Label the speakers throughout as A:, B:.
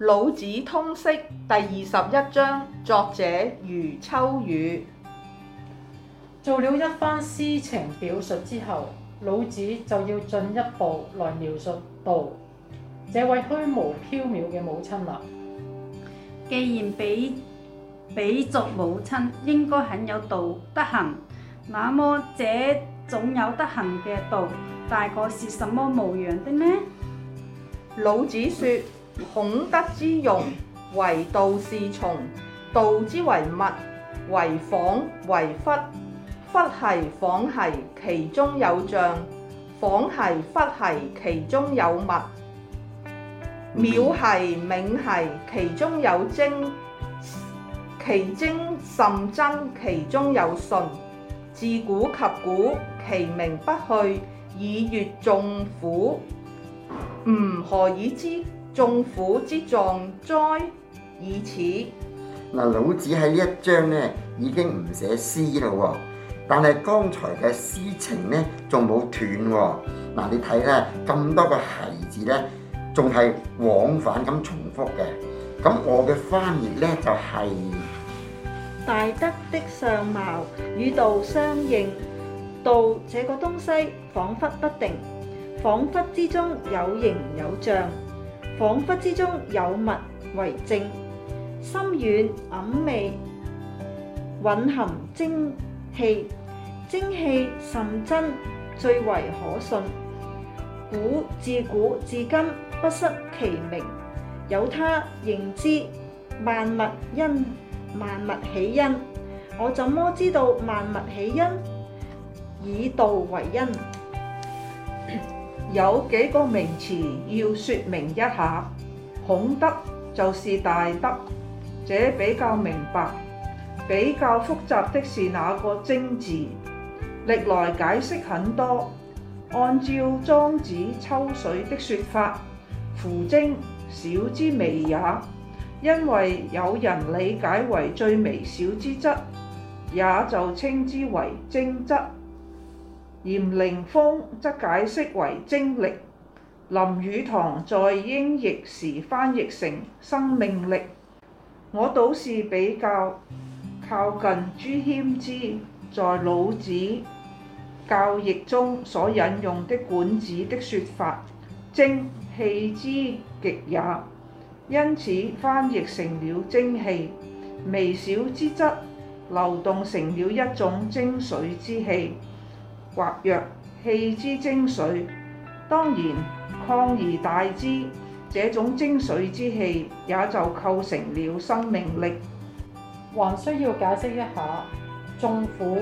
A: 老子通識第二十一章，作者余秋雨。
B: 做了一番詩情表述之後，老子就要進一步來描述道，這位虛無縹緲嘅母親啦。既然比比作母親，應
A: 該很有道德行，那麼這種有德行嘅道，大概是什麼模樣的呢？老子說。孔德之容，惟道是從。道之為物，惟恍惟惚。惚兮恍兮，其中有象；恍兮惚兮，其中有物。
C: 渺
A: 兮冥兮，其中有精。其精甚真，其中有信。自古及古，其名不去，以閱眾苦。吾何以知眾甫之狀哉，以此
B: 嗱，老子喺呢一章咧已經唔寫詩啦，但係剛才嘅詩情呢仲冇斷嗱、啊。你睇咧咁多個「兮」字呢仲係往返咁重複嘅。咁我嘅翻譯呢，就係、是、
D: 大德的相貌與道相應，道這個東西恍惚不定，恍惚之中有形有象。恍惚之中有物為證，深遠暗味，蘊含精氣，精氣甚真，最為可信。古自古至今不失其名，有他認知，萬物因，萬物起因。我怎麼知道萬物起因？以道為因。 有幾個名詞要説明一下，孔德
C: 就是大德，這比較明白。比較複雜的是那個精字，歷來解釋很多。按照莊子《秋水》的說法，夫精小之微也，因為有人理解為最微小之質，也就稱之為精質。嚴靈峰則解釋為精力，林語堂在英譯時翻譯成生命力。我倒是比較靠近朱謙之在《老子》教譯中所引用的管子的說法，精氣之極也，因此翻譯成了精氣，微小之質流動成了一種精水之氣。或弱氣之精髓，當然擴而大之，這種精髓之氣
B: 也就構成了生命力。還需要解釋一下眾甫，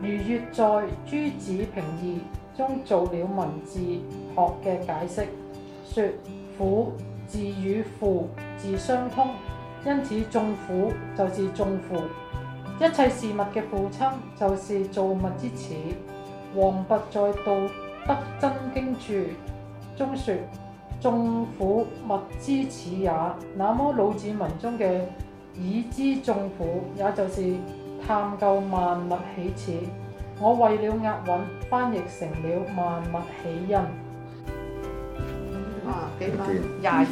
B: 如月在《諸子平議》中做了文字學嘅解釋，說「甫」字與父字相通，因此「眾甫」就是眾父。一切事物嘅父親就是造物之始。王弼在道《道德真經注》中說：眾甫物之始也。那麼老子文中嘅以知眾甫，也就是探究萬物起始。我為了押韻，翻譯成了萬物起因。啊，幾百廿二,二。